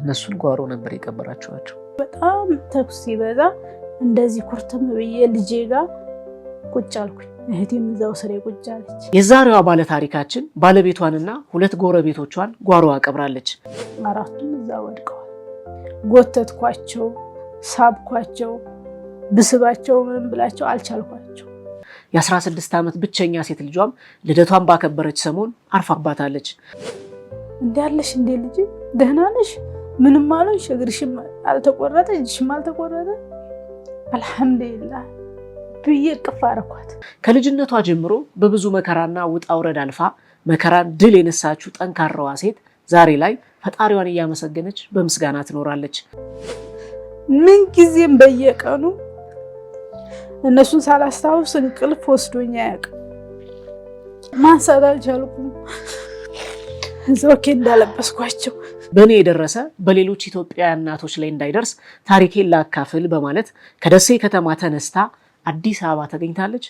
እነሱን ጓሮ ነበር የቀበራቸዋቸው በጣም ተኩስ ሲበዛ እንደዚህ ኩርትም ብዬ ልጄ ጋር ቁጭ አልኩኝ። እህቴም እዛው ስሬ ቁጭ አለች። የዛሬዋ ባለ ታሪካችን ባለቤቷንና ሁለት ጎረቤቶቿን ጓሮ አቀብራለች። አራቱም እዛ ወድቀዋል። ጎተትኳቸው፣ ሳብኳቸው፣ ብስባቸው፣ ምን ብላቸው አልቻልኳቸው። የ16 ዓመት ብቸኛ ሴት ልጇም ልደቷን ባከበረች ሰሞን አርፋባታለች። እንዲያለሽ እንዴ ልጅ ደህና ነሽ? ምንም አለው እግርሽም አልተቆረጠ፣ እጅሽም አልተቆረጠ አልሐምዱሊላህ ብዬ እቅፍ አደረኳት። ከልጅነቷ ጀምሮ በብዙ መከራና ውጣ ውረድ አልፋ መከራን ድል የነሳችው ጠንካራዋ ሴት ዛሬ ላይ ፈጣሪዋን እያመሰገነች በምስጋና ትኖራለች። ምን ጊዜም በየቀኑ እነሱን ሳላስታውስ እንቅልፍ ወስዶኝ አያውቅም። ማንሳት አልቻልኩም። ዘወኬ እንዳለበስኳቸው በእኔ የደረሰ በሌሎች ኢትዮጵያውያን እናቶች ላይ እንዳይደርስ ታሪኬን ላካፍል በማለት ከደሴ ከተማ ተነስታ አዲስ አበባ ተገኝታለች።